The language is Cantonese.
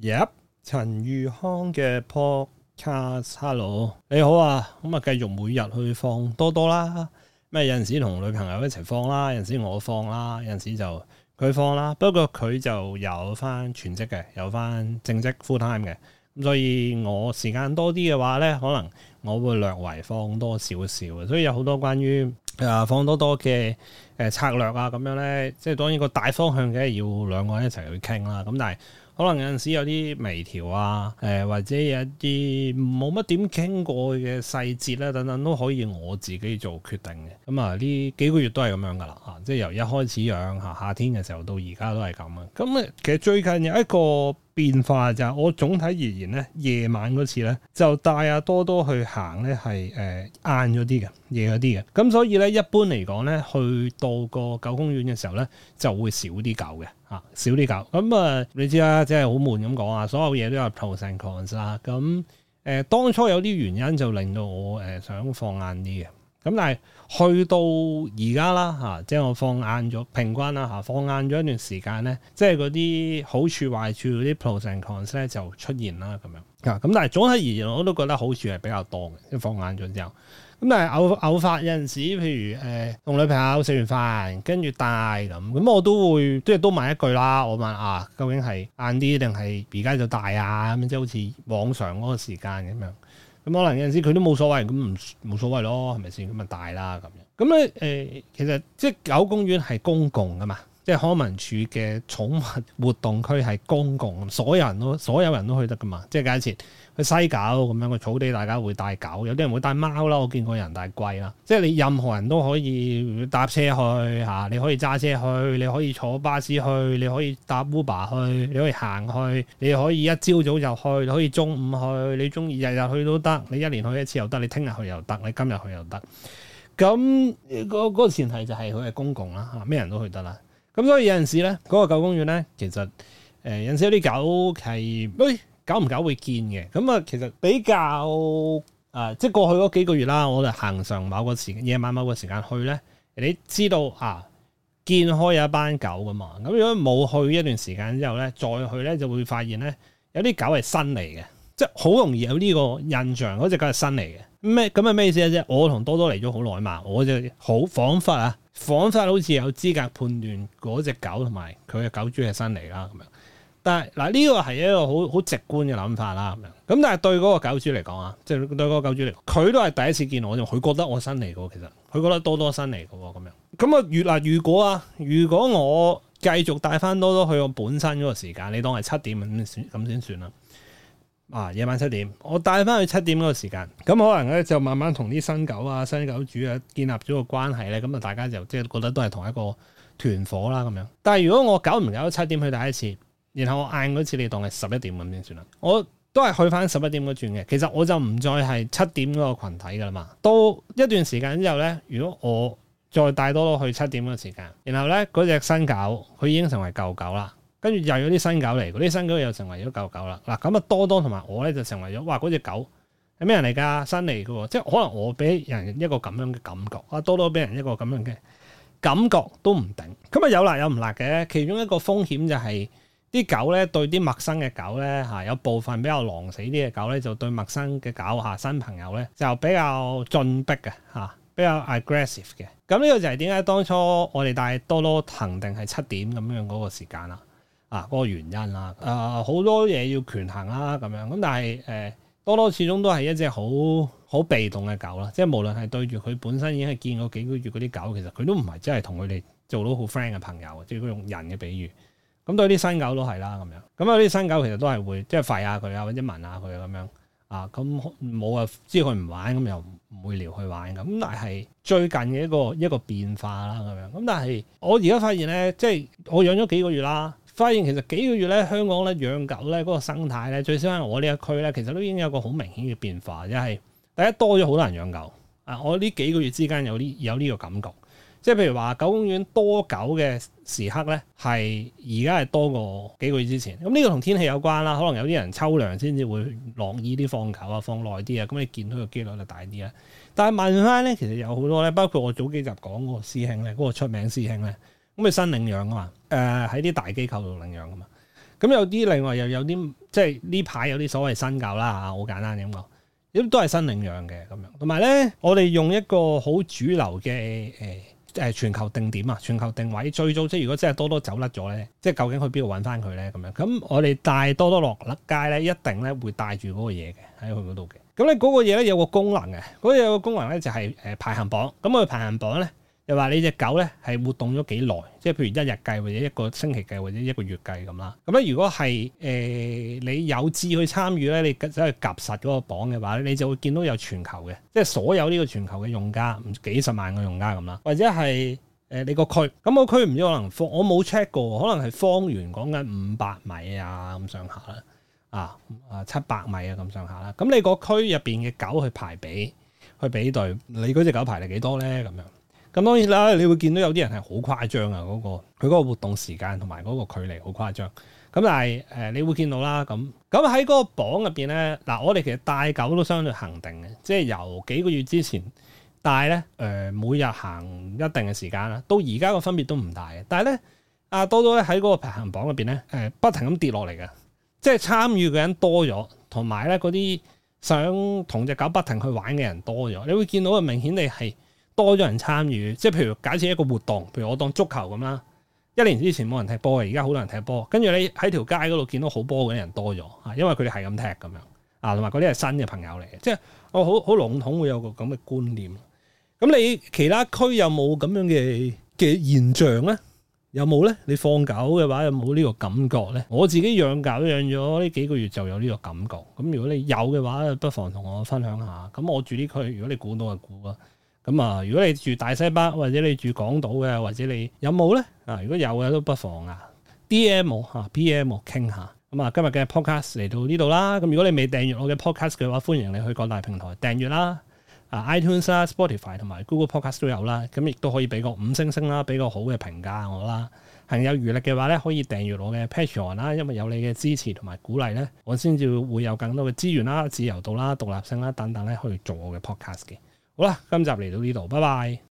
Yep，陳宇康嘅 Podcast，Hello，你好啊，咁啊繼續每日去放多多啦。咩有陣時同女朋友一齊放啦，有陣時我放啦，有陣時就佢放啦。不過佢就有返全職嘅，有返正職 full time 嘅，咁所以我時間多啲嘅話咧，可能我會略為放多少少嘅。所以有好多關於啊放多多嘅。誒策略啊，咁樣咧，即係當然個大方向梗係要兩個人一齊去傾啦。咁但係可能有陣時有啲微調啊，誒、呃、或者有一啲冇乜點傾過嘅細節啦，等等都可以我自己做決定嘅。咁、嗯、啊，呢幾個月都係咁樣噶啦，啊，即係由一開始樣嚇夏天嘅時候到而家都係咁啊。咁啊、嗯，其實最近有一個變化就係、是、我總體而言咧，夜晚嗰次咧就帶阿多多去行咧係誒晏咗啲嘅、夜咗啲嘅。咁所以咧一般嚟講咧去到到個狗公園嘅時候咧，就會少啲狗嘅嚇、啊，少啲狗。咁啊，你知啦，即係好悶咁講啊。所有嘢都有 pros and cons 啦。咁誒、啊呃，當初有啲原因就令到我誒想放晏啲嘅。咁、啊、但係去到而家啦嚇，即係我放晏咗平均啦嚇、啊，放晏咗一段時間咧，即係嗰啲好處壞處嗰啲 pros and cons 咧就出現啦咁樣。啊，咁但係總體而言我都覺得好處係比較多嘅，即係放晏咗之後。咁誒偶偶發有陣時，譬如誒同、呃、女朋友食完飯，跟住帶咁，咁我都會即係都問一句啦。我問啊，究竟係晏啲定係而家就帶啊？咁即係好似往常嗰個時間咁樣。咁、嗯、可能有陣時佢都冇所謂，咁唔冇所謂咯，係咪先？咁咪帶啦咁樣。咁咧誒，其實即係狗公園係公共㗎嘛。即係康文署嘅寵物活動區係公共，所有人都所有人都去得噶嘛。即係假設去西九咁樣嘅草地，大家會帶狗，有啲人會帶貓啦。我見過人帶龜啦。即係你任何人都可以搭車去嚇，你可以揸車去，你可以坐巴士去，你可以搭 Uber 去，你可以行去，去，去，你可以一朝早就去，你可以中午去，你中意日日去都得，你一年去一次又得，你聽日去又得，你今日去又得。咁、嗰個嗰、嗰個前提就係佢係公共啦，嚇，咩人都去得啦。咁所以有陣時咧，嗰、那個舊公園咧，其實誒，認、呃、有啲狗係喂，久唔久會見嘅。咁啊，其實比較誒、呃，即係過去嗰幾個月啦，我就行上某個時夜晚某個時間去咧，你知道啊，見開有一班狗噶嘛。咁如果冇去一段時間之後咧，再去咧就會發現咧，有啲狗係新嚟嘅，即係好容易有呢個印象，嗰隻狗係新嚟嘅。咩咁係咩意思啊？即係我同多多嚟咗好耐嘛，我就好仿佛啊。仿佛好似有資格判斷嗰隻狗同埋佢嘅狗主係新嚟啦，咁樣。但係嗱，呢個係一個好好直觀嘅諗法啦，咁樣、嗯。咁但係對嗰個狗主嚟講啊，即係對嗰個狗主嚟，佢都係第一次見我，就佢覺得我新嚟嘅喎，其實佢覺得多多新嚟嘅喎，咁樣。咁啊，如啊，如果啊，如果我繼續帶翻多多去我本身嗰個時間，你當係七點咁，咁先算啦。啊，夜晚七點，我帶翻去七點嗰個時間，咁、嗯、可能咧就慢慢同啲新狗啊、新狗主啊建立咗個關係咧，咁、嗯、啊大家就即係覺得都係同一個團伙啦咁樣。但係如果我搞唔搞到七點去第一次，然後我晏嗰次你當係十一點咁先算啦，我都係去翻十一點嗰轉嘅。其實我就唔再係七點嗰個羣體噶啦嘛。到一段時間之後咧，如果我再帶多去七點嗰時間，然後咧嗰隻新狗佢已經成為舊狗啦。跟住又有啲新狗嚟，嗰啲新狗又成為咗狗狗啦。嗱咁啊，多多同埋我咧就成為咗，哇！嗰隻狗係咩人嚟㗎？新嚟嘅，即係可能我俾人一個咁樣嘅感覺，啊多多俾人一個咁樣嘅感覺都唔定。咁啊有辣有唔辣嘅，其中一個風險就係、是、啲狗咧對啲陌生嘅狗咧嚇，有部分比較狼死啲嘅狗咧就對陌生嘅狗嚇新朋友咧就比較進逼嘅嚇，比較 aggressive 嘅。咁呢個就係點解當初我哋帶多多騰定係七點咁樣嗰個時間啦？啊，嗰、那個原因啦，誒、呃、好多嘢要權衡啦，咁樣咁，但係誒、呃、多多始終都係一隻好好被動嘅狗啦，即係無論係對住佢本身已經係見過幾個月嗰啲狗，其實佢都唔係真係同佢哋做到好 friend 嘅朋友，即係用人嘅比喻。咁對啲新狗都係啦，咁樣咁有啲新狗其實都係會即係吠下佢啊，或者聞下佢咁樣啊，咁冇啊，知佢唔玩咁又唔會撩佢玩咁。但係最近嘅一個一個變化啦，咁樣咁，但係我而家發現咧，即係我養咗幾個月啦。發現其實幾個月咧，香港咧養狗咧嗰個生態咧，最少喺我呢一區咧，其實都已經有個好明顯嘅變化，即係大家多咗好多人養狗啊！我呢幾個月之間有啲有呢個感覺，即係譬如話狗公園多狗嘅時刻咧，係而家係多過幾個月之前。咁呢個同天氣有關啦，可能有啲人秋涼先至會樂意啲放狗啊，放耐啲啊，咁你見到嘅機率就大啲啦。但係問翻咧，其實有好多咧，包括我早幾集講嗰個師兄咧，嗰、嗰個出名師兄咧，咁、那、佢、個、新領養啊嘛。誒喺啲大機構度領養噶嘛，咁有啲另外又有啲即係呢排有啲所謂新教啦嚇，好簡單咁講，咁都係新領養嘅咁樣。同埋咧，我哋用一個好主流嘅誒誒全球定點啊，全球定位，最早即係如果真係多多走甩咗咧，即係究竟去邊度揾翻佢咧咁樣。咁我哋帶多多落甩街咧，一定咧會帶住嗰個嘢嘅喺佢嗰度嘅。咁咧嗰個嘢咧有個功能嘅，嗰個功能咧就係誒排行榜。咁個排行榜咧。又話你隻狗咧係活動咗幾耐？即係譬如一日計，或者一個星期計，或者一個月計咁啦。咁咧，如果係誒、呃、你有志去參與咧，你走去夾實嗰個榜嘅話咧，你就會見到有全球嘅，即係所有呢個全球嘅用家，幾十萬個用家咁啦。或者係誒你個區、嗰個區，咁個區唔知可能方，我冇 check 過，可能係方圓講緊五百米啊咁上下啦，啊啊七百米啊咁上下啦。咁、啊、你個區入邊嘅狗去排比，去比對，你嗰隻狗排係幾多咧？咁樣。咁當然啦，你會見到有啲人係好誇張啊！嗰、那個佢嗰個活動時間同埋嗰個距離好誇張。咁但係誒、呃，你會見到啦。咁咁喺嗰個榜入邊咧，嗱我哋其實帶狗都相對恒定嘅，即係由幾個月之前帶咧誒，每日行一定嘅時間啦，到而家個分別都唔大嘅。但係咧，阿多多咧喺嗰個排行榜入邊咧誒，不停咁跌落嚟嘅，即係參與嘅人多咗，同埋咧嗰啲想同隻狗不停去玩嘅人多咗，你會見到啊，明顯地係。多咗人參與，即係譬如假設一個活動，譬如我當足球咁啦。一年之前冇人踢波嘅，而家好多人踢波。跟住你喺條街嗰度見到好波嘅人多咗，嚇，因為佢哋係咁踢咁樣啊，同埋嗰啲係新嘅朋友嚟嘅，即係我好好籠統會有個咁嘅觀念。咁你其他區有冇咁樣嘅嘅現象咧？有冇咧？你放狗嘅話有冇呢個感覺咧？我自己養狗養咗呢幾個月就有呢個感覺。咁如果你有嘅話，不妨同我分享下。咁我住呢區，如果你估到就估啦。咁啊，如果你住大西北或者你住港島嘅，或者你有冇呢？啊，如果有嘅都不妨 DM 我啊，DM 吓 PM 傾下。咁啊，今日嘅 podcast 嚟到呢度啦。咁如果你未訂閱我嘅 podcast 嘅話，歡迎你去各大平台訂閱啦。啊，iTunes 啊，Spotify 同埋 Google Podcast 都有啦。咁、啊、亦都可以俾個五星星啦，俾個好嘅評價我啦。行有餘力嘅話呢，可以訂閱我嘅 Patreon 啦。因為有你嘅支持同埋鼓勵呢，我先至會有更多嘅資源啦、自由度啦、獨立性啦等等呢，去做我嘅 podcast 嘅。好啦，今集嚟到呢度，拜拜。